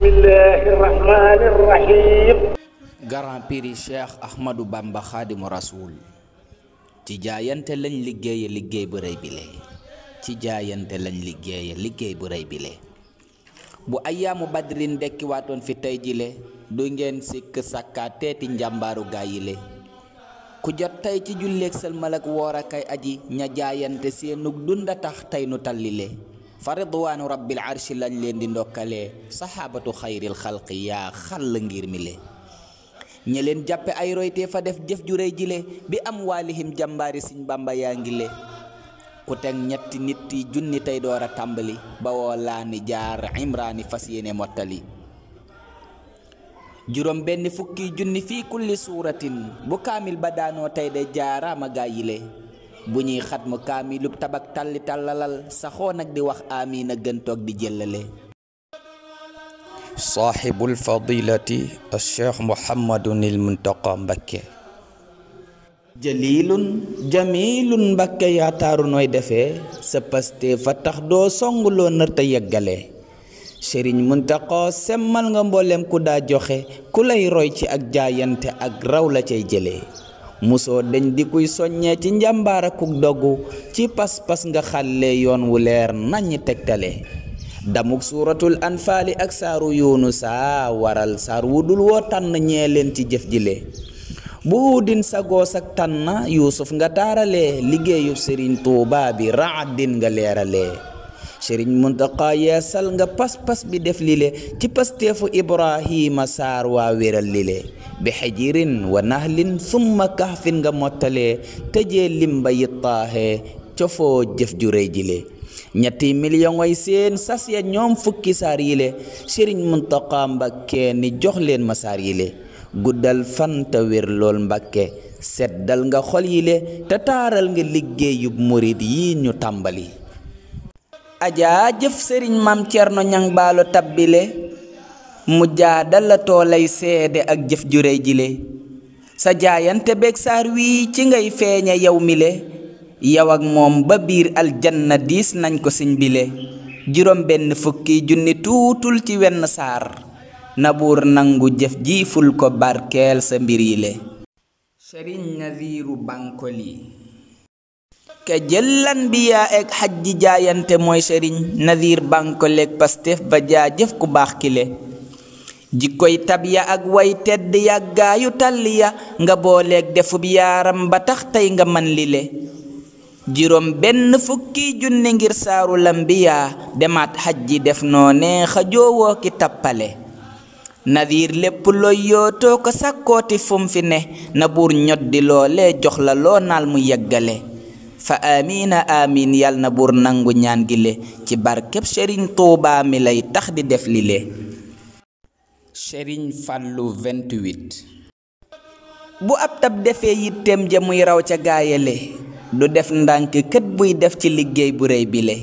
bismillahi rahmani rahim Grand Prix Cheikh Bamba Xaadimu Rasuul ci jaayante lañ liggéeye liggéey bu rëy bile ci jaayante lañ liggéeye liggéey bu bile bu ayaamu badrin dekkiwaatoon fi tey jile du ngeen sikk sàkkaa teeti njàmbaaru gaa ku jot tey ci julleeg sëlmal ak woor aji ña jaayante seenug dunda tax tey nu tallile fa ridwaanu rabbil arshi lañ leen di ndokkale saxaabatu xayril xalqi yaa xàll ngir mi le ña leen jàppe ay roytee fa def jëf ju rëy jile bi am waalihim jàmbaari siñ bàmba yaa ngi le ku teg ñetti nit yi junni tey door a tàmbali ba woo laa ni jaar imraani fas yéene mottali juróom benn fukki junni fii kulli suuratin bu kaamil ba daanoo tey de jaaraama gaa yile bu ñuy xatmu kaamilub tabak talli tallalal saxoo nag di wax amiin a gën toog di jëllale saaxibul fadilati cheikh muhammadun il muntaqa mbakke jëliilun jamiilun mbakke yaataaru nooy defee sa paste fa tax doo songuloo nërta yeggale sëriñ muntaqa semmal nga mbooleem ku daa joxe ku lay roy ci ak jaayante ak raw la cay jëlee musóo deñ di kuy soññee ci njàmbaar ak ci pas-pas nga xàlle yoon wu leer naññ tegtale damuk suuratul anfaali ak saaru saa waral saar wu dul woo tànn ñee leen ci jëf jile bu uudin sa goos ak tànn yuusuf nga taarale liggéeyub sëriñ tuuba bi raadin nga leerale sëriñ Muntaqa yeesal nga pas-pas bi def lile ci pasteefu Ibrahima Saar waa wéral lile bi xajirin wa nahlin summa kahfin nga mottalee tëjee limba yi taaxee cofoo jëf ju rëy jile ñetti million way seen sas ya ñoom fukki saar yile sëriñ Muntaqa Mbakke ni jox leen ma saar yile guddal fanta wér lool Mbakke seddal nga xol yile te taaral nga liggéeyub murit yi ñu tàmbali ajaa jëf sëriñ maam cerno ñang tabbile mu jaa toolay seede ak jëf jurey jile sa jaayante beeg saar wii ci ngay feeñe yow mile yow ak moom ba biir aljanna diis nañ ko siñ bile juróom benn fukki junni tuutul ci wenn saar na buur nangu jëf jiiful ko barkeel sa mbir yile sëriñ Nasiiru ka jëlan bi yaa ek xaj jaayante mooy sëriñ nadir banko leeg pastef ba jaajëf ku baax kile jikkoy tab ya ak way tedd yàggaayu tàll ya nga booleek defub yaaram ba tax tey nga man li le juróom benn fukki junni ngir saaru bi lambiyaa demaat xaj ji def noone xajoowoo ki tappale nadiir lépp looy yootoo ko sàkkooti fum fi ne na buur ñot loole jox la loo naal mu yeggale fa amina amin yal na buur nangu ñaan gi le ci barkeb sëriñ Tuubaa mi lay tax di def li le sëriñ Fàllu 28 bu ab tab defee yitteem ja muy raw ca gaayale du def ndànk kët buy def ci liggéey bu réy bile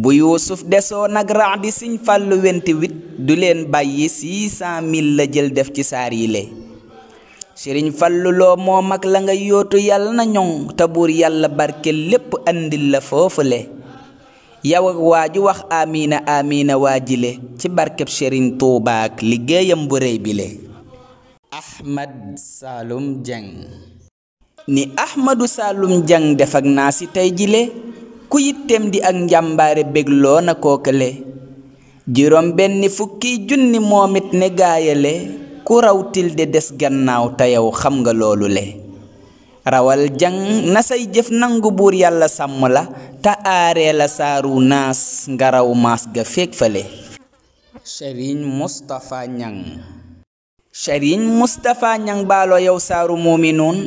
bu yuusuf desoo nag rax di siñ fàllu 28 du leen bàyyi 600 000 la jël def ci saar yi le sëriñ fallu loo moo la nga yootu yàlla na ñoŋ te yàlla barke lépp andil la foofule yow ak waa ju wax amiina amiina waa jile ci barkeb sëriñ Tuubaa ak liggéeyam bu réy bile Ahmad Saloum Dieng ni Ahmadu Saloum Dieng def naa ci tey jile ku yittem di ak njàmbaare bégloo na kookale juróom benn fukki junni moom it ne gaayale ku raw tilde des gannaaw te yow xam nga loolu le rawal jang na say jëf nangu buur yàlla sàmm la te aaree la saaru naas nga raw maas ga feeg fale Sëriñ Moustapha Niang Sëriñ Moustapha yow saaru muuminuun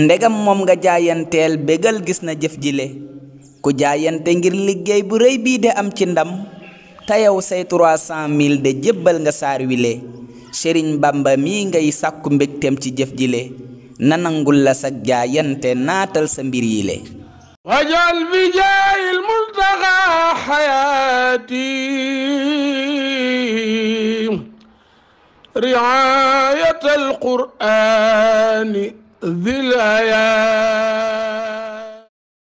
ndegam moom nga jaayanteel bégal gis na jëf jile ku jaayante ngir liggéey bu rëy bii de am ci ndam te yow say 300 000 de jébbal nga saar wile sëriñ bamba mii ngay sàkku mbégteem ci jëf ji le na nangul la sa jaayante naatal sa mbir yi le wajal bi jaayil multaxa xayaati riayat alqurani dhil ayaat